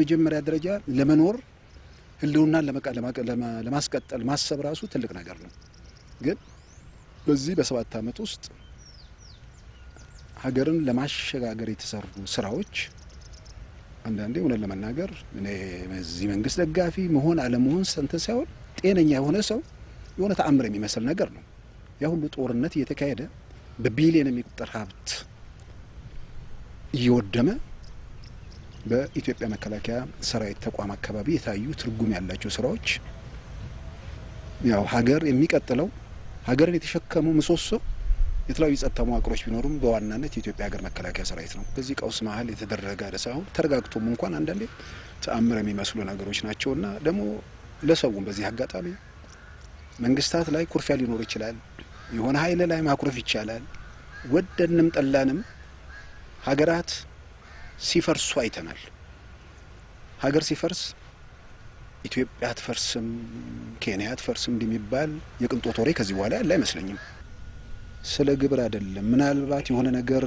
በመጀመሪያ ደረጃ ለመኖር ህልውናን ለማስቀጠል ማሰብ ራሱ ትልቅ ነገር ነው። ግን በዚህ በሰባት ዓመት ውስጥ ሀገርን ለማሸጋገር የተሰሩ ስራዎች አንዳንዴ እውነት ለመናገር እኔ በዚህ መንግስት ደጋፊ መሆን አለመሆን ሰንተ ሳይሆን ጤነኛ የሆነ ሰው የሆነ ተአምር የሚመስል ነገር ነው። ያ ሁሉ ጦርነት እየተካሄደ በቢሊየን የሚቆጠር ሀብት እየወደመ በኢትዮጵያ መከላከያ ሰራዊት ተቋም አካባቢ የታዩ ትርጉም ያላቸው ስራዎች ያው ሀገር የሚቀጥለው ሀገርን የተሸከሙ ምሰሶ የተለያዩ የጸጥታ መዋቅሮች ቢኖሩም በዋናነት የኢትዮጵያ ሀገር መከላከያ ሰራዊት ነው። በዚህ ቀውስ መሀል የተደረገ ሳይሆን ተረጋግቶም እንኳን አንዳንዴ ተአምር የሚመስሉ ነገሮች ናቸውና ደግሞ ለሰውም በዚህ አጋጣሚ መንግስታት ላይ ኩርፊያ ሊኖር ይችላል። የሆነ ሀይል ላይ ማኩረፍ ይቻላል። ወደንም ጠላንም ሀገራት ሲፈርሱ አይተናል። ሀገር ሲፈርስ ኢትዮጵያ አትፈርስም፣ ኬንያ አትፈርስም እንደሚባል የቅንጦት ወሬ ከዚህ በኋላ ያለ አይመስለኝም። ስለ ግብር አይደለም። ምናልባት የሆነ ነገር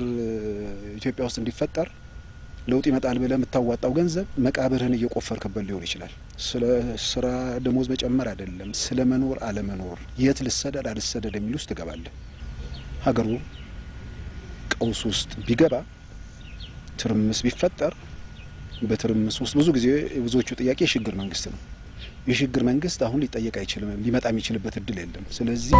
ኢትዮጵያ ውስጥ እንዲፈጠር ለውጥ ይመጣል ብለ የምታዋጣው ገንዘብ መቃብርህን እየቆፈርክበት ሊሆን ይችላል። ስለ ስራ ደሞዝ መጨመር አይደለም፣ ስለ መኖር አለመኖር፣ የት ልሰደድ አልሰደድ የሚል ውስጥ ትገባለህ። ሀገሩ ቀውስ ውስጥ ቢገባ ትርምስ ቢፈጠር በትርምስ ውስጥ ብዙ ጊዜ ብዙዎቹ ጥያቄ የሽግግር መንግስት ነው። የሽግግር መንግስት አሁን ሊጠየቅ አይችልም፣ ሊመጣ የሚችልበት እድል የለም። ስለዚህ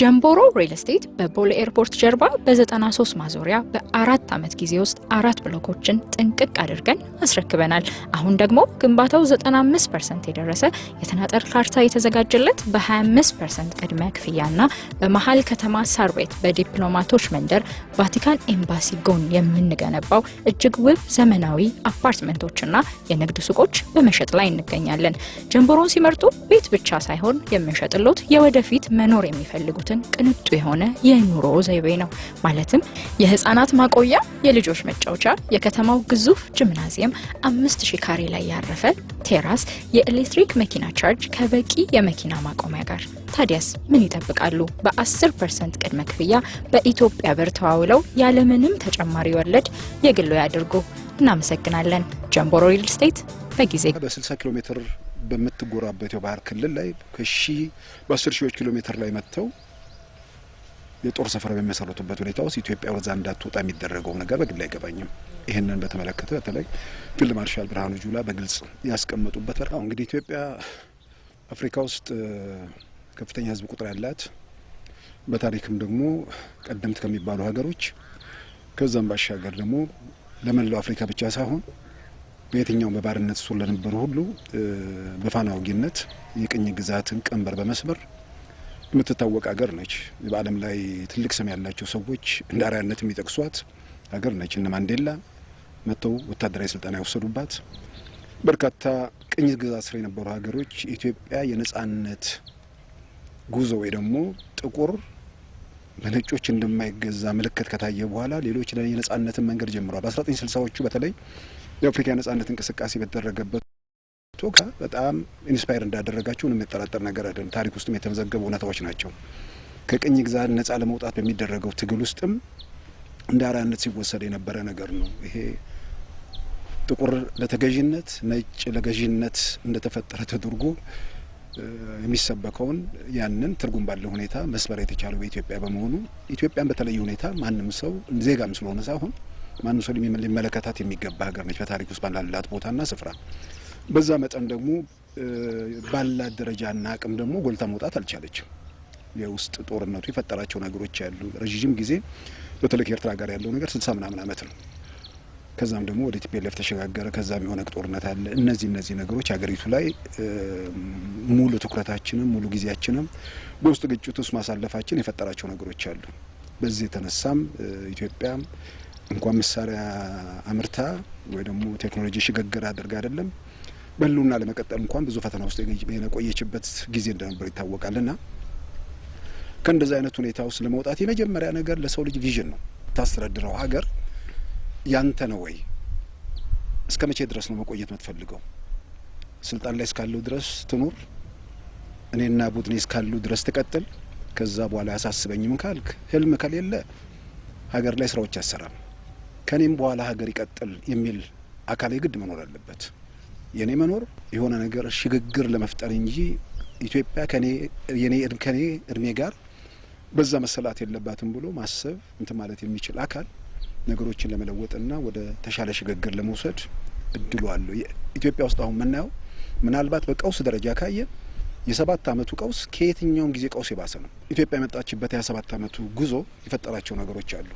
ጀምቦሮ ሪል ስቴት በቦሌ ኤርፖርት ጀርባ በ93 ማዞሪያ በአራት ዓመት ጊዜ ውስጥ አራት ብሎኮችን ጥንቅቅ አድርገን አስረክበናል። አሁን ደግሞ ግንባታው 95 ፐርሰንት የደረሰ የተናጠር ካርታ የተዘጋጀለት በ25 ፐርሰንት ቅድመ ክፍያና በመሀል ከተማ ሳር ቤት በዲፕሎማቶች መንደር ቫቲካን ኤምባሲ ጎን የምንገነባው እጅግ ውብ ዘመናዊ አፓርትመንቶችና የንግድ ሱቆች በመሸጥ ላይ እንገኛለን። ጀምቦሮን ሲመርጡ ቤት ብቻ ሳይሆን የምንሸጥሎት የወደፊት መኖር የሚፈልጉት የሚያደርጉትን ቅንጡ የሆነ የኑሮ ዘይቤ ነው። ማለትም የህፃናት ማቆያ፣ የልጆች መጫወቻ፣ የከተማው ግዙፍ ጂምናዚየም፣ አምስት ሺህ ካሬ ላይ ያረፈ ቴራስ፣ የኤሌክትሪክ መኪና ቻርጅ ከበቂ የመኪና ማቆሚያ ጋር። ታዲያስ ምን ይጠብቃሉ? በ10 ፐርሰንት ቅድመ ክፍያ በኢትዮጵያ ብር ተዋውለው ያለምንም ተጨማሪ ወለድ የግሎ ያድርጉ። እናመሰግናለን። ጀምቦሮ ሪል ስቴት በጊዜ በ60 ኪሎ ሜትር በምትጎራበት የባህር ክልል ላይ ከሺ 10 ሺዎች ኪሎ ሜትር ላይ መጥተው የጦር ሰፈር በሚመሰረቱበት ሁኔታ ውስጥ ኢትዮጵያ ወደዛ እንዳትወጣ የሚደረገው ነገር በግል አይገባኝም። ይህንን በተመለከተ በተለይ ፊልድ ማርሻል ብርሃኑ ጁላ በግልጽ ያስቀመጡበት በጣም እንግዲህ ኢትዮጵያ አፍሪካ ውስጥ ከፍተኛ ህዝብ ቁጥር ያላት በታሪክም ደግሞ ቀደምት ከሚባሉ ሀገሮች ከዛም ባሻገር ደግሞ ለመላው አፍሪካ ብቻ ሳይሆን በየትኛውም በባርነት ስር ለነበሩ ሁሉ በፋና ወጊነት የቅኝ ግዛትን ቀንበር በመስበር የምትታወቅ ሀገር ነች። በዓለም ላይ ትልቅ ስም ያላቸው ሰዎች እንደ አርአያነት የሚጠቅሷት ሀገር ነች። እነ ማንዴላ መጥተው ወታደራዊ ስልጠና የወሰዱባት በርካታ ቅኝ ግዛት ስር የነበሩ ሀገሮች ኢትዮጵያ የነጻነት ጉዞ ወይ ደግሞ ጥቁር በነጮች እንደማይገዛ ምልክት ከታየ በኋላ ሌሎች የነጻነትን መንገድ ጀምረዋል። በ1960ዎቹ በተለይ የአፍሪካ የነጻነት እንቅስቃሴ በተደረገበት ቶካ በጣም ኢንስፓየር እንዳደረጋቸው ምንም የሚጠራጠር ነገር አይደለም። ታሪክ ውስጥም የተመዘገቡ እውነታዎች ናቸው። ከቅኝ ግዛት ነጻ ለመውጣት በሚደረገው ትግል ውስጥም እንደ አርአያነት ሲወሰድ የነበረ ነገር ነው። ይሄ ጥቁር ለተገዥነት፣ ነጭ ለገዥነት እንደተፈጠረ ተደርጎ የሚሰበከውን ያንን ትርጉም ባለው ሁኔታ መስበር የተቻለው በኢትዮጵያ በመሆኑ ኢትዮጵያን በተለየ ሁኔታ ማንም ሰው ዜጋም ስለሆነ ሳይሆን ማንም ሰው ሊመለከታት የሚገባ ሀገር ነች። በታሪክ ውስጥ ባላላት ቦታና ስፍራ በዛ መጠን ደግሞ ባላት ደረጃና አቅም ደግሞ ጎልታ መውጣት አልቻለችም። የውስጥ ጦርነቱ የፈጠራቸው ነገሮች ያሉ ረዥም ጊዜ በተለይ ከኤርትራ ጋር ያለው ነገር ስልሳ ምናምን ዓመት ነው። ከዛም ደግሞ ወደ ቲፒኤልኤፍ ተሸጋገረ። ከዛም የሆነ ጦርነት አለ። እነዚህ እነዚህ ነገሮች ሀገሪቱ ላይ ሙሉ ትኩረታችንም ሙሉ ጊዜያችንም በውስጥ ግጭት ውስጥ ማሳለፋችን የፈጠራቸው ነገሮች አሉ። በዚህ የተነሳም ኢትዮጵያ እንኳን መሳሪያ አምርታ ወይ ደግሞ ቴክኖሎጂ ሽግግር አድርጋ አይደለም በህልውና ለመቀጠል እንኳን ብዙ ፈተና ውስጥ የቆየችበት ጊዜ እንደነበር ና ከእንደዚህ አይነት ሁኔታ ውስጥ ለመውጣት የመጀመሪያ ነገር ለሰው ልጅ ቪዥን ነው። ታስተዳድረው ሀገር ያንተ ነው ወይ? እስከ መቼ ድረስ ነው መቆየት የምትፈልገው? ስልጣን ላይ እስካለው ድረስ ትኑር፣ እኔና ቡድኔ እስካሉ ድረስ ትቀጥል፣ ከዛ በኋላ አያሳስበኝም ካልክ፣ ህልም ከሌለ ሀገር ላይ ስራዎች አይሰራም። ከኔም በኋላ ሀገር ይቀጥል የሚል አካል የግድ መኖር አለበት። የኔ መኖር የሆነ ነገር ሽግግር ለመፍጠር እንጂ ኢትዮጵያ የኔ ከኔ እድሜ ጋር በዛ መሰላት የለባትም ብሎ ማሰብ እንትን ማለት የሚችል አካል ነገሮችን ለመለወጥና ወደ ተሻለ ሽግግር ለመውሰድ እድሉ አለው። ኢትዮጵያ ውስጥ አሁን የምናየው ምናልባት በቀውስ ደረጃ ካየ የሰባት አመቱ ቀውስ ከየትኛውም ጊዜ ቀውስ የባሰ ነው። ኢትዮጵያ የመጣችበት የሀያ ሰባት አመቱ ጉዞ የፈጠራቸው ነገሮች አሉ።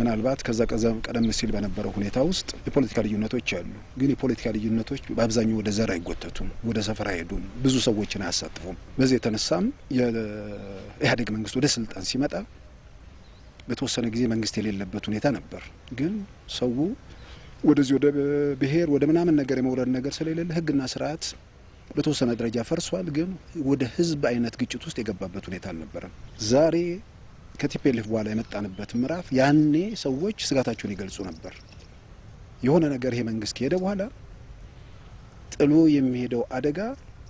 ምናልባት ከዛ ቀደም ሲል በነበረው ሁኔታ ውስጥ የፖለቲካ ልዩነቶች አሉ። ግን የፖለቲካ ልዩነቶች በአብዛኛው ወደ ዘር አይጎተቱም፣ ወደ ሰፈር አይሄዱም፣ ብዙ ሰዎችን አያሳትፉም። በዚህ የተነሳም የኢህአዴግ መንግስት ወደ ስልጣን ሲመጣ በተወሰነ ጊዜ መንግስት የሌለበት ሁኔታ ነበር። ግን ሰው ወደዚህ ወደ ብሄር ወደ ምናምን ነገር የመውረድ ነገር ስለሌለ ህግና ስርዓት በተወሰነ ደረጃ ፈርሷል። ግን ወደ ህዝብ አይነት ግጭት ውስጥ የገባበት ሁኔታ አልነበረም። ዛሬ ከቲፒኤልኤፍ በኋላ የመጣንበት ምዕራፍ ያኔ ሰዎች ስጋታቸውን ይገልጹ ነበር። የሆነ ነገር ይሄ መንግስት ከሄደ በኋላ ጥሎ የሚሄደው አደጋ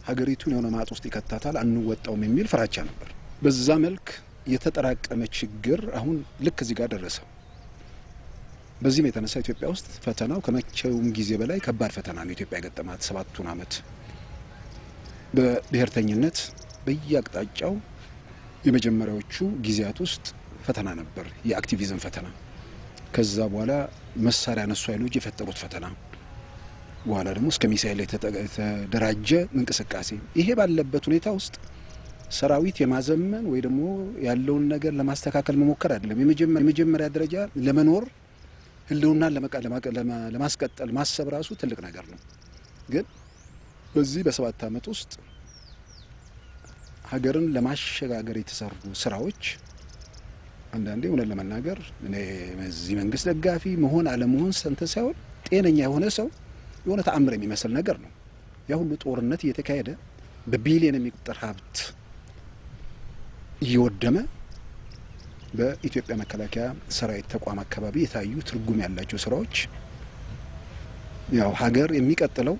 ሀገሪቱን የሆነ ማጥ ውስጥ ይከታታል፣ አንወጣውም የሚል ፍራቻ ነበር። በዛ መልክ የተጠራቀመ ችግር አሁን ልክ እዚህ ጋር ደረሰ። በዚህም የተነሳ ኢትዮጵያ ውስጥ ፈተናው ከመቼውም ጊዜ በላይ ከባድ ፈተና ነው። ኢትዮጵያ የገጠማት ሰባቱን ዓመት በብሔርተኝነት በየአቅጣጫው የመጀመሪያዎቹ ጊዜያት ውስጥ ፈተና ነበር፣ የአክቲቪዝም ፈተና። ከዛ በኋላ መሳሪያ ነሱ ኃይሎች የፈጠሩት ፈተና በኋላ ደግሞ እስከ ሚሳኤል የተደራጀ እንቅስቃሴ። ይሄ ባለበት ሁኔታ ውስጥ ሰራዊት የማዘመን ወይ ደግሞ ያለውን ነገር ለማስተካከል መሞከር አይደለም። የመጀመሪያ ደረጃ ለመኖር ህልውናን ለማስቀጠል ማሰብ ራሱ ትልቅ ነገር ነው። ግን በዚህ በሰባት ዓመት ውስጥ ሀገርን ለማሸጋገር የተሰሩ ስራዎች አንዳንዴ እውነት ለመናገር እኔ መንግስት ደጋፊ መሆን አለመሆን ሰንተ ሳይሆን ጤነኛ የሆነ ሰው የሆነ ተአምር የሚመስል ነገር ነው። ያ ሁሉ ጦርነት እየተካሄደ በቢሊየን የሚቆጠር ሀብት እየወደመ በኢትዮጵያ መከላከያ ሰራዊት ተቋም አካባቢ የታዩ ትርጉም ያላቸው ስራዎች ያው ሀገር የሚቀጥለው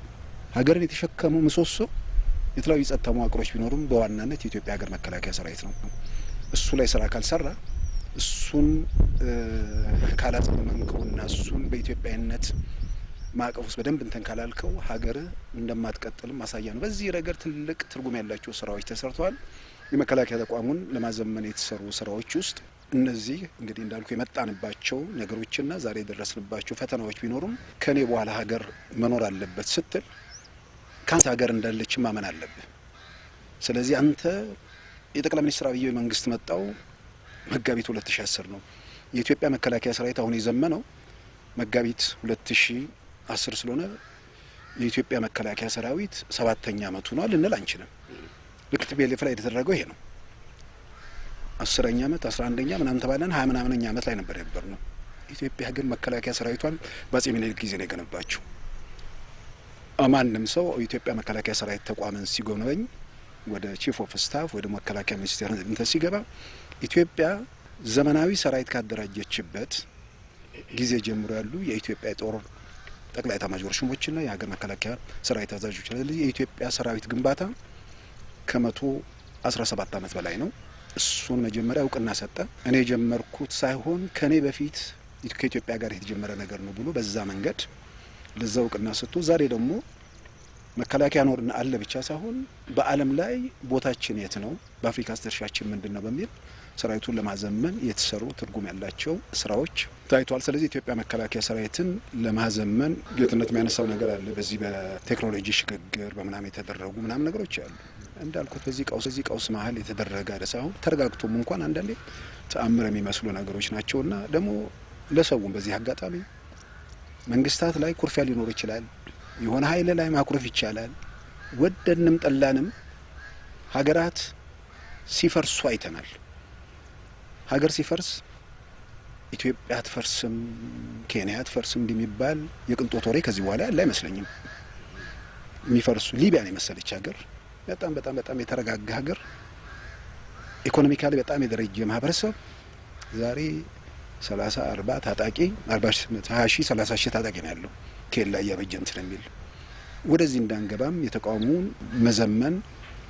ሀገርን የተሸከመው ምሰሶ የተለያዩ ጸጥታ መዋቅሮች ቢኖሩም በዋናነት የኢትዮጵያ ሀገር መከላከያ ሰራዊት ነው። እሱ ላይ ስራ ካልሰራ እሱን ካላጸመንከውና እሱን በኢትዮጵያዊነት ማዕቀፍ ውስጥ በደንብ እንተን ካላልከው ሀገር እንደማትቀጥልም ማሳያ ነው። በዚህ ረገድ ትልቅ ትርጉም ያላቸው ስራዎች ተሰርተዋል። የመከላከያ ተቋሙን ለማዘመን የተሰሩ ስራዎች ውስጥ እነዚህ እንግዲህ እንዳልኩ የመጣንባቸው ነገሮችና ዛሬ የደረስንባቸው ፈተናዎች ቢኖሩም ከኔ በኋላ ሀገር መኖር አለበት ስትል ከአንተ ሀገር እንዳለች ማመን አለብህ። ስለዚህ አንተ የጠቅላይ ሚኒስትር አብይ መንግስት መጣው መጋቢት 2010 ነው። የኢትዮጵያ መከላከያ ሰራዊት አሁን የዘመነው መጋቢት 2010 ስለሆነ የኢትዮጵያ መከላከያ ሰራዊት ሰባተኛ አመቱ ነው ልንል አንችልም። ልክ ቲፒኤልኤፍ ላይ የተደረገው ይሄ ነው። አስረኛ አመት አስራ አንደኛ ምናምን ተባለን ሀያ ምናምነኛ አመት ላይ ነበር የነበር ነው። ኢትዮጵያ ግን መከላከያ ሰራዊቷን በአጼ ሚኒሊክ ጊዜ ነው የገነባቸው። ማንም ሰው የኢትዮጵያ መከላከያ ሰራዊት ተቋምን ሲጎበኝ ወደ ቺፍ ኦፍ ስታፍ ወደ መከላከያ ሚኒስቴር እንትን ሲገባ ኢትዮጵያ ዘመናዊ ሰራዊት ካደራጀችበት ጊዜ ጀምሮ ያሉ የኢትዮጵያ ጦር ጠቅላይ ኤታማዦር ሹሞችና የሀገር መከላከያ ሰራዊት አዛዦች ስለዚህ የኢትዮጵያ ሰራዊት ግንባታ ከመቶ አስራ ሰባት ዓመት በላይ ነው። እሱን መጀመሪያ እውቅና ሰጠ። እኔ የጀመርኩት ሳይሆን ከእኔ በፊት ከኢትዮጵያ ጋር የተጀመረ ነገር ነው ብሎ በዛ መንገድ ለዛ እውቅና ሰጥቶ ዛሬ ደግሞ መከላከያ ኖር አለ ብቻ ሳይሆን በዓለም ላይ ቦታችን የት ነው፣ በአፍሪካ ስተርሻችን ምንድን ነው በሚል ሰራዊቱን ለማዘመን የተሰሩ ትርጉም ያላቸው ስራዎች ታይቷል። ስለዚህ ኢትዮጵያ መከላከያ ሰራዊትን ለማዘመን ጌትነት የሚያነሳው ነገር አለ። በዚህ በቴክኖሎጂ ሽግግር በምናም የተደረጉ ምናም ነገሮች አሉ። እንዳልኩት በዚህ ቀውስ በዚህ ቀውስ መሀል የተደረገ ሳይሆን ተረጋግቶም እንኳን አንዳንዴ ተአምር የሚመስሉ ነገሮች ናቸውና ደግሞ ለሰውም በዚህ አጋጣሚ መንግስታት ላይ ኩርፊያ ሊኖር ይችላል። የሆነ ኃይል ላይ ማኩረፍ ይቻላል። ወደንም ጠላንም ሀገራት ሲፈርሱ አይተናል። ሀገር ሲፈርስ ኢትዮጵያ አትፈርስም፣ ኬንያ አትፈርስም እንደሚባል የቅንጦት ወሬ ከዚህ በኋላ ያለ አይመስለኝም። የሚፈርሱ ሊቢያን የመሰለች ሀገር በጣም በጣም በጣም የተረጋጋ ሀገር ኢኮኖሚካሊ በጣም የደረጀ ማህበረሰብ ዛሬ ሰላሳ አርባ ታጣቂ ሀያ ሺህ ሰላሳ ሺህ ታጣቂ ነው ያለው ኬላ እያበጀን ስለሚል ወደዚህ እንዳንገባም የተቃውሞውን መዘመን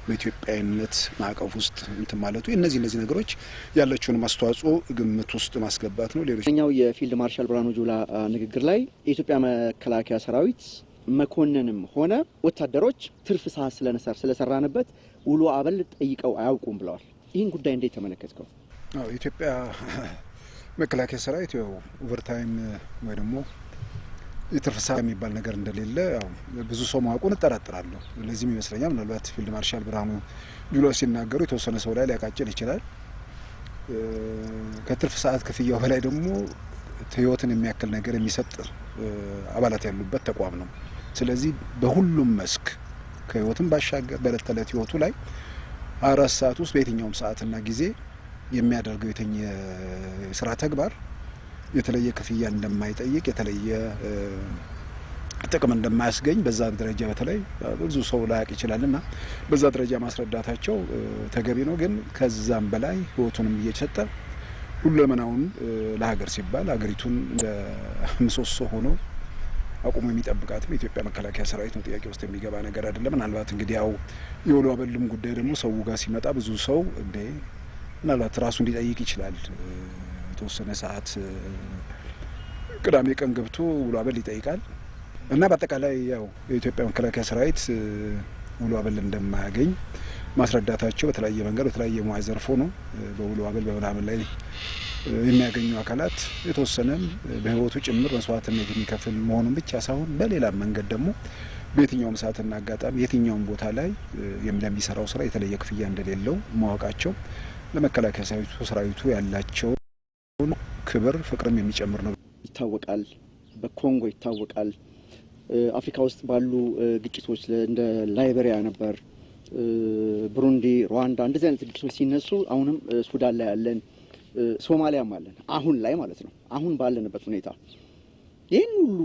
በኢትዮጵያዊነት ማዕቀፍ ውስጥ እንትን ማለቱ እነዚህ እነዚህ ነገሮች ያለችውን አስተዋጽኦ ግምት ውስጥ ማስገባት ነው። ሌሎች ኛው የፊልድ ማርሻል ብርሃኑ ጁላ ንግግር ላይ የኢትዮጵያ መከላከያ ሰራዊት መኮንንም ሆነ ወታደሮች ትርፍ ሰዓት ስለሰራንበት ውሎ አበል ጠይቀው አያውቁም ብለዋል። ይህን ጉዳይ እንዴት ተመለከትከው? ኢትዮጵያ መከላከያ ሰራዊት ያው ኦቨርታይም ወይ ደግሞ የትርፍ የሚባል ነገር እንደሌለ ያው ብዙ ሰው ማወቁን እጠራጥራለሁ። ለዚህም ይመስለኛል ምናልባት ፊልድ ማርሻል ብርሃኑ ጁላ ሲናገሩ የተወሰነ ሰው ላይ ሊያቃጭል ይችላል። ከትርፍ ሰዓት ክፍያው በላይ ደግሞ ሕይወትን የሚያክል ነገር የሚሰጥ አባላት ያሉበት ተቋም ነው። ስለዚህ በሁሉም መስክ ከህይወትን ባሻገር በእለት ተዕለት ህይወቱ ላይ አራት ሰዓት ውስጥ በየትኛውም ሰዓትና ጊዜ የሚያደርገው የትኛ ስራ ተግባር የተለየ ክፍያ እንደማይጠይቅ የተለየ ጥቅም እንደማያስገኝ በዛ ደረጃ በተለይ ብዙ ሰው ላያቅ ይችላል እና በዛ ደረጃ ማስረዳታቸው ተገቢ ነው። ግን ከዛም በላይ ህይወቱንም እየሰጠ ሁለመናውን ለሀገር ሲባል ሀገሪቱን ምሰሶ ሆኖ አቁሞ የሚጠብቃትም የኢትዮጵያ መከላከያ ሰራዊት ነው። ጥያቄ ውስጥ የሚገባ ነገር አይደለም። ምናልባት እንግዲህ ያው የወሎ አበልም ጉዳይ ደግሞ ሰው ጋር ሲመጣ ብዙ ሰው እንዴ ምናልባት ራሱን ሊጠይቅ ይችላል። የተወሰነ ሰዓት ቅዳሜ ቀን ገብቶ ውሎ አበል ይጠይቃል እና በአጠቃላይ ያው የኢትዮጵያ መከላከያ ሰራዊት ውሎ አበል እንደማያገኝ ማስረዳታቸው በተለያየ መንገድ በተለያየ ሙያ ዘርፎ ነው። በውሎ አበል በምናምን ላይ የሚያገኙ አካላት የተወሰነም በህይወቱ ጭምር መስዋዕትነት የሚከፍል መሆኑን ብቻ ሳይሆን በሌላም መንገድ ደግሞ በየትኛውም ሰዓትና አጋጣሚ የትኛውም ቦታ ላይ ለሚሰራው ስራ የተለየ ክፍያ እንደሌለው ማወቃቸው ለመከላከያ ሰራዊቱ ሰራዊቱ ያላቸውን ክብር ፍቅርም የሚጨምር ነው። ይታወቃል፣ በኮንጎ ይታወቃል። አፍሪካ ውስጥ ባሉ ግጭቶች እንደ ላይበሪያ ነበር፣ ብሩንዲ፣ ሩዋንዳ እንደዚህ አይነት ግጭቶች ሲነሱ አሁንም ሱዳን ላይ ያለን ሶማሊያም አለን አሁን ላይ ማለት ነው። አሁን ባለንበት ሁኔታ ይህን ሁሉ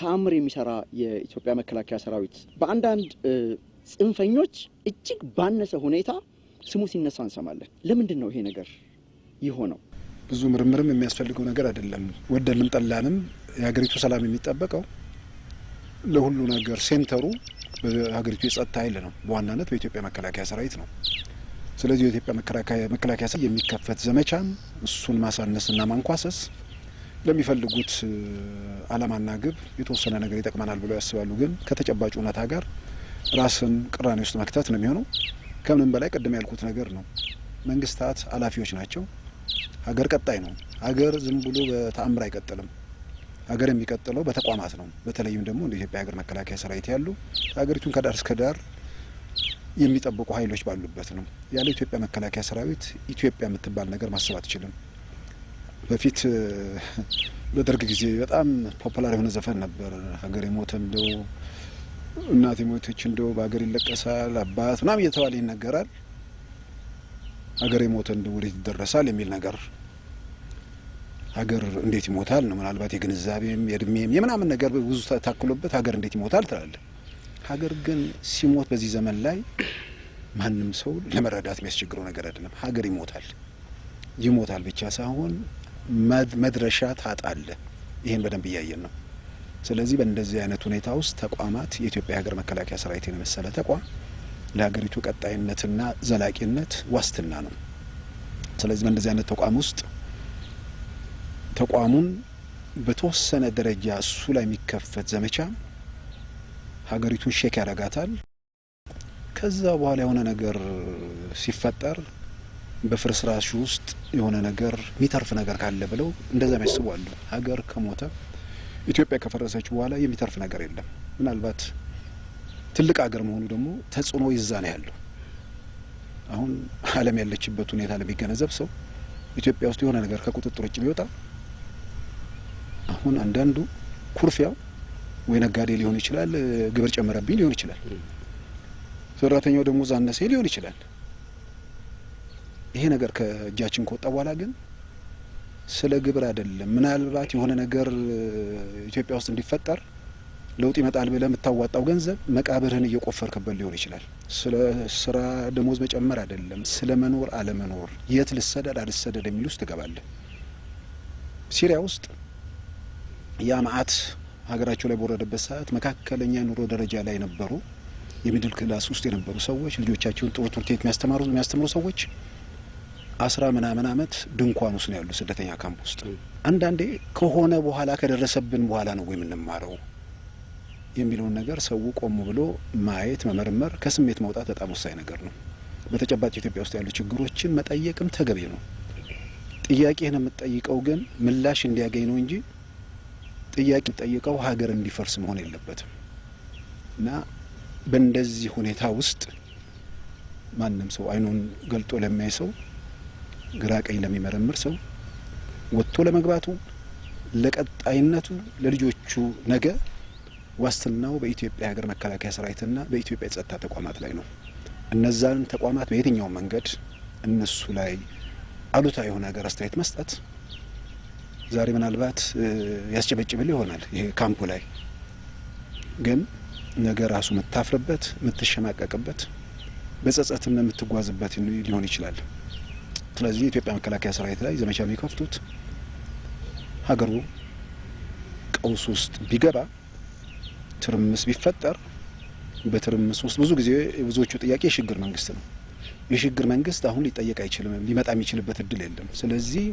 ተአምር የሚሰራ የኢትዮጵያ መከላከያ ሰራዊት በአንዳንድ ጽንፈኞች እጅግ ባነሰ ሁኔታ ስሙ ሲነሳ እንሰማለን። ለምንድን ነው ይሄ ነገር የሆነው? ብዙ ምርምርም የሚያስፈልገው ነገር አይደለም። ወደንም ጠላንም የሀገሪቱ ሰላም የሚጠበቀው ለሁሉ ነገር ሴንተሩ በሀገሪቱ የጸጥታ ኃይል ነው። በዋናነት በኢትዮጵያ መከላከያ ሰራዊት ነው። ስለዚህ የኢትዮጵያ መከላከያ ሰራዊት የሚከፈት ዘመቻም እሱን ማሳነስና ማንኳሰስ ለሚፈልጉት አላማና ግብ የተወሰነ ነገር ይጠቅመናል ብለው ያስባሉ። ግን ከተጨባጭ እውነታ ጋር ራስን ቅራኔ ውስጥ መክተት ነው የሚሆነው። ከምንም በላይ ቅድም ያልኩት ነገር ነው። መንግስታት ኃላፊዎች ናቸው። ሀገር ቀጣይ ነው። ሀገር ዝም ብሎ በተአምር አይቀጥልም። ሀገር የሚቀጥለው በተቋማት ነው። በተለይም ደግሞ እንደ ኢትዮጵያ ሀገር መከላከያ ሰራዊት ያሉ ሀገሪቱን ከዳር እስከ ዳር የሚጠብቁ ኃይሎች ባሉበት ነው። ያለ ኢትዮጵያ መከላከያ ሰራዊት ኢትዮጵያ የምትባል ነገር ማሰብ አትችልም። በፊት በደርግ ጊዜ በጣም ፖፑላር የሆነ ዘፈን ነበር ሀገር የሞተ እንደው እናት ሞተች እንደ በሀገር ይለቀሳል አባት ምናምን እየተባለ ይነገራል። ሀገር የሞተ እንደ ወዴት ይደረሳል የሚል ነገር ሀገር እንዴት ይሞታል ነው ምናልባት የግንዛቤም የእድሜም የምናምን ነገር ብዙ ታክሎበት ሀገር እንዴት ይሞታል ትላለ። ሀገር ግን ሲሞት በዚህ ዘመን ላይ ማንም ሰው ለመረዳት የሚያስቸግረው ነገር አይደለም። ሀገር ይሞታል። ይሞታል ብቻ ሳይሆን መድረሻ ታጣለ። ይህን በደንብ እያየን ነው። ስለዚህ በእንደዚህ አይነት ሁኔታ ውስጥ ተቋማት የኢትዮጵያ የሀገር መከላከያ ሰራዊትን የመሰለ ተቋም ለሀገሪቱ ቀጣይነትና ዘላቂነት ዋስትና ነው። ስለዚህ በእንደዚህ አይነት ተቋም ውስጥ ተቋሙን በተወሰነ ደረጃ እሱ ላይ የሚከፈት ዘመቻ ሀገሪቱን ሼክ ያደርጋታል። ከዛ በኋላ የሆነ ነገር ሲፈጠር በፍርስራሹ ውስጥ የሆነ ነገር የሚተርፍ ነገር ካለ ብለው እንደዛ አሉ። ሀገር ከሞተ ኢትዮጵያ ከፈረሰች በኋላ የሚተርፍ ነገር የለም። ምናልባት ትልቅ ሀገር መሆኑ ደግሞ ተጽዕኖ ይዛ ነው ያለው። አሁን ዓለም ያለችበት ሁኔታ ለሚገነዘብ ሰው ኢትዮጵያ ውስጥ የሆነ ነገር ከቁጥጥር ውጭ ቢወጣ አሁን አንዳንዱ ኩርፊያው ወይ ነጋዴ ሊሆን ይችላል፣ ግብር ጨመረብኝ ሊሆን ይችላል፣ ሰራተኛው ደግሞ ዛነሴ ሊሆን ይችላል። ይሄ ነገር ከእጃችን ከወጣ በኋላ ግን ስለ ግብር አይደለም። ምናልባት የሆነ ነገር ኢትዮጵያ ውስጥ እንዲፈጠር ለውጥ ይመጣል ብለህ የምታዋጣው ገንዘብ መቃብርህን እየቆፈርክበት ሊሆን ይችላል። ስለ ስራ ደሞዝ መጨመር አይደለም፣ ስለ መኖር አለመኖር፣ የት ልሰደድ አልሰደድ የሚል ውስጥ ትገባለህ። ሲሪያ ውስጥ ያ መዓት ሀገራቸው ላይ በወረደበት ሰዓት መካከለኛ ኑሮ ደረጃ ላይ የነበሩ የሚድል ክላስ ውስጥ የነበሩ ሰዎች ልጆቻቸውን ጥሩ ትምህርት ቤት የሚያስተምሩ ሰዎች አስራ ምናምን አመት ድንኳን ውስጥ ነው ያሉ ስደተኛ ካምፕ ውስጥ። አንዳንዴ ከሆነ በኋላ ከደረሰብን በኋላ ነው የምንማረው የሚለውን ነገር ሰው ቆም ብሎ ማየት መመርመር፣ ከስሜት መውጣት በጣም ወሳኝ ነገር ነው። በተጨባጭ ኢትዮጵያ ውስጥ ያሉ ችግሮችን መጠየቅም ተገቢ ነው። ጥያቄህን የምትጠይቀው ግን ምላሽ እንዲያገኝ ነው እንጂ ጥያቄ ጠይቀው ሀገር እንዲፈርስ መሆን የለበትም እና በእንደዚህ ሁኔታ ውስጥ ማንም ሰው አይኑን ገልጦ ለሚያይ ሰው ግራ ቀኝ ለሚመረምር ሰው ወጥቶ ለመግባቱ፣ ለቀጣይነቱ፣ ለልጆቹ ነገ ዋስትናው በኢትዮጵያ ሀገር መከላከያ ሰራዊትና በኢትዮጵያ የጸጥታ ተቋማት ላይ ነው። እነዛን ተቋማት በየትኛውም መንገድ እነሱ ላይ አሉታ የሆነ ሀገር አስተያየት መስጠት ዛሬ ምናልባት ያስጨበጭብል ይሆናል። ይሄ ካምፑ ላይ ግን ነገ ራሱ የምታፍርበት የምትሸማቀቅበት በጸጸትም የምትጓዝበት ሊሆን ይችላል። ስለዚህ የኢትዮጵያ መከላከያ ሰራዊት ላይ ዘመቻ የሚከፍቱት ሀገሩ ቀውስ ውስጥ ቢገባ ትርምስ ቢፈጠር በትርምስ ውስጥ ብዙ ጊዜ ብዙዎቹ ጥያቄ የሽግግር መንግስት ነው። የሽግግር መንግስት አሁን ሊጠየቅ አይችልም፣ ሊመጣ የሚችልበት እድል የለም። ስለዚህ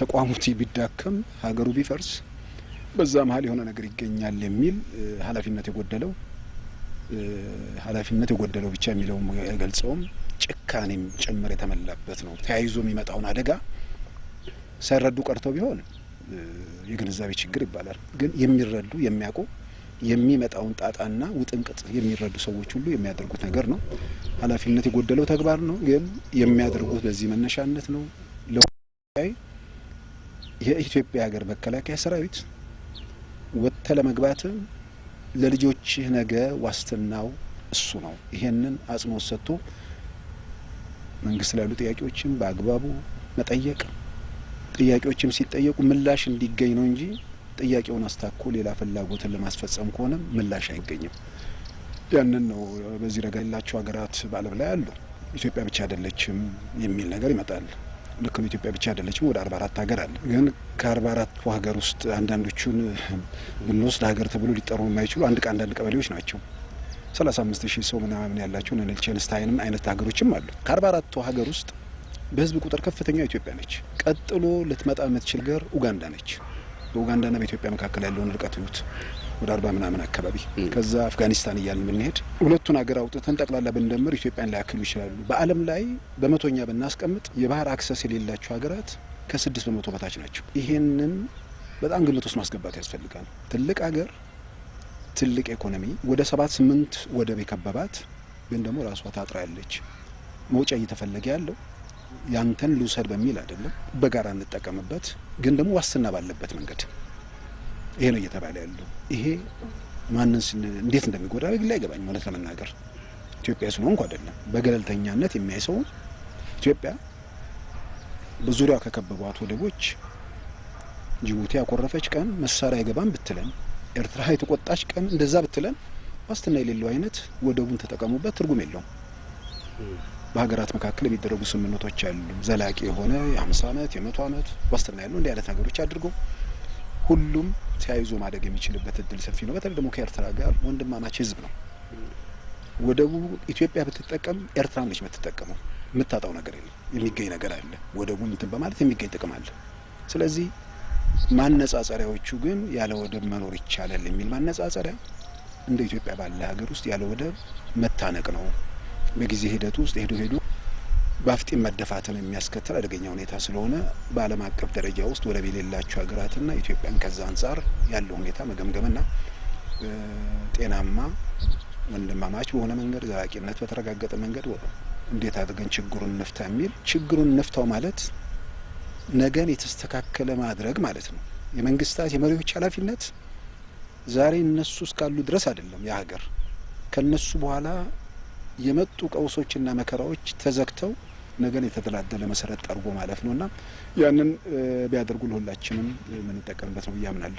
ተቋሙት ቢዳከም ሀገሩ ቢፈርስ በዛ መሀል የሆነ ነገር ይገኛል የሚል ኃላፊነት የጎደለው ኃላፊነት የጎደለው ብቻ የሚለውም አይገልጸውም። ጭካኔም ጭምር የተመላበት ነው። ተያይዞ የሚመጣውን አደጋ ሳይረዱ ቀርተው ቢሆን የግንዛቤ ችግር ይባላል። ግን የሚረዱ የሚያውቁ የሚመጣውን ጣጣና ውጥንቅጥ የሚረዱ ሰዎች ሁሉ የሚያደርጉት ነገር ነው። ኃላፊነት የጎደለው ተግባር ነው። ግን የሚያደርጉት በዚህ መነሻነት ነው። ለይ የኢትዮጵያ ሀገር መከላከያ ሰራዊት ወጥተ ለመግባትም ለልጆችህ ነገ ዋስትናው እሱ ነው። ይሄንን አጽንኦት ሰጥቶ መንግስት ላሉ ጥያቄዎችም በአግባቡ መጠየቅ፣ ጥያቄዎችም ሲጠየቁ ምላሽ እንዲገኝ ነው እንጂ ጥያቄውን አስታኮ ሌላ ፍላጎትን ለማስፈጸም ከሆነ ምላሽ አይገኝም። ያንን ነው በዚህ ረገድ ያላቸው ሀገራት በዓለም ላይ አሉ። ኢትዮጵያ ብቻ አይደለችም የሚል ነገር ይመጣል። ልክ ኢትዮጵያ ብቻ አይደለችም፣ ወደ አርባ አራት ሀገር አለ። ግን ከአርባ አራቱ ሀገር ውስጥ አንዳንዶቹን ብንወስድ ሀገር ተብሎ ሊጠሩ የማይችሉ አንድ ቀ አንዳንድ ቀበሌዎች ናቸው። 35000 ሰው ምናምን ያላቸው ሊችንስታይንም አይነት ሀገሮችም አሉ። ከ44ቱ ሀገር ውስጥ በህዝብ ቁጥር ከፍተኛ ኢትዮጵያ ነች። ቀጥሎ ልትመጣ የምትችል ገር ኡጋንዳ ነች። በኡጋንዳና በኢትዮጵያ መካከል ያለውን ርቀት ይዩት፣ ወደ አርባ ምናምን አካባቢ ከዛ አፍጋኒስታን እያልን ብንሄድ ሁለቱን ሀገር አውጥተን ጠቅላላ ብንደምር ኢትዮጵያን ሊያክሉ ይችላሉ። በዓለም ላይ በመቶኛ ብናስቀምጥ የባህር አክሰስ የሌላቸው ሀገራት ከስድስት በመቶ በታች ናቸው። ይሄንን በጣም ግምት ውስጥ ማስገባት ያስፈልጋል። ትልቅ ሀገር ትልቅ ኢኮኖሚ ወደ ሰባት ስምንት ወደብ የከበባት ግን ደግሞ ራሷ ታጥራ ያለች መውጫ እየተፈለገ ያለው ያንተን ልውሰድ በሚል አይደለም፣ በጋራ እንጠቀምበት ግን ደግሞ ዋስትና ባለበት መንገድ ይሄ ነው እየተባለ ያለው። ይሄ ማንን እንዴት እንደሚጎዳ በግል አይገባኝ ማለት ለመናገር ኢትዮጵያ ስለሆንኩ አይደለም። በገለልተኛነት የሚያይ ሰው ኢትዮጵያ በዙሪያዋ ከከበቧት ወደቦች ጅቡቲ ያኮረፈች ቀን መሳሪያ አይገባም ብትለን ኤርትራ የተቆጣች ቀን እንደዛ ብትለን ዋስትና የሌለው አይነት ወደቡን ተጠቀሙበት ትርጉም የለውም። በሀገራት መካከል የሚደረጉ ስምምነቶች አሉ። ዘላቂ የሆነ የአምስት ዓመት የመቶ ዓመት ዋስትና ያለው እንዲህ አይነት ነገሮች አድርገው ሁሉም ተያይዞ ማደግ የሚችልበት እድል ሰፊ ነው። በተለይ ደግሞ ከኤርትራ ጋር ወንድማማች ህዝብ ነው። ወደቡ ኢትዮጵያ ብትጠቀም ኤርትራ ነች የምትጠቀመው። የምታጣው ነገር የለም። የሚገኝ ነገር አለ። ወደቡን እንትን በማለት የሚገኝ ጥቅም አለ። ስለዚህ ማነጻጸሪያዎቹ ግን ያለ ወደብ መኖር ይቻላል የሚል ማነጻጸሪያ እንደ ኢትዮጵያ ባለ ሀገር ውስጥ ያለ ወደብ መታነቅ ነው። በጊዜ ሂደት ውስጥ ሄዶ ሄዶ በአፍጢም መደፋትን የሚያስከትል አደገኛ ሁኔታ ስለሆነ በዓለም አቀፍ ደረጃ ውስጥ ወደብ የሌላቸው ሀገራትና ኢትዮጵያን ከዛ አንጻር ያለው ሁኔታ መገምገምና ጤናማ ወንድማማች በሆነ መንገድ ዘላቂነት በተረጋገጠ መንገድ እንዴት አድርገን ችግሩን እንፍታ የሚል ችግሩን እንፍታው ማለት ነገን የተስተካከለ ማድረግ ማለት ነው። የመንግስታት የመሪዎች ኃላፊነት ዛሬ እነሱ እስካሉ ድረስ አይደለም። የሀገር ከነሱ በኋላ የመጡ ቀውሶችና መከራዎች ተዘግተው ነገን የተደላደለ መሰረት ጠርጎ ማለፍ ነው እና ያንን ቢያደርጉ ለሁላችንም የምንጠቀምበት ነው ብዬ አምናለሁ።